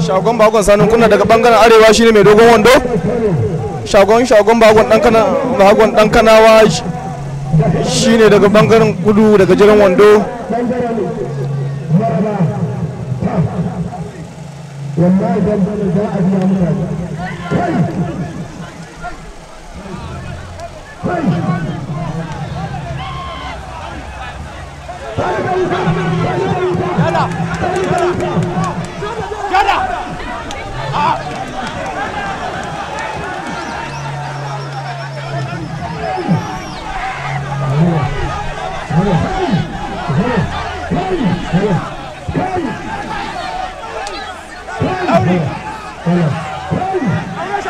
shagon bakon sanin kunna daga bangaren arewa shine mai dogon wando shagon shagon bakon dan kanawa shine daga bangaren kudu daga jiran wando wallahi dan za a biya mutane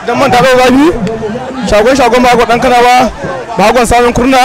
dan manta bai zafi shagon shagon bago ɗan kana ba bagon samun kurna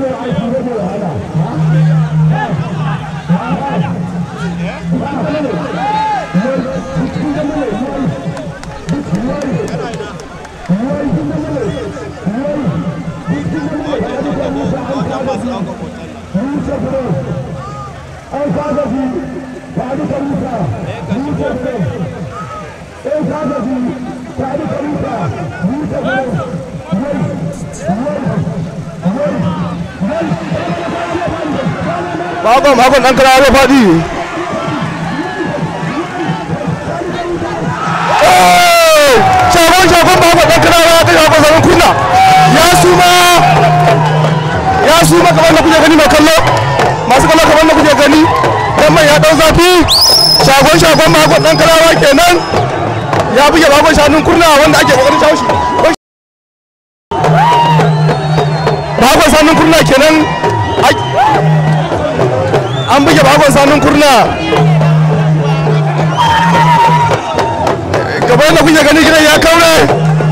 Obrigado, Davi. Obrigado, Davi. Muito obrigado. Bakon bakon dan kira zai faɗi. Shagon shagon bakon ya kunna. Ya suma ya suma kamar da kuke gani mai kallo masu kallo kamar da kuke gani dan mai ya dau zafi shagon shagon bakon dan kira kenan ya buge bakon shanun kunna wanda ake kokarin shawo shi. sanin kurna kenan an buge bakon sanin kurna gaba da kuke gani gidan ya kaure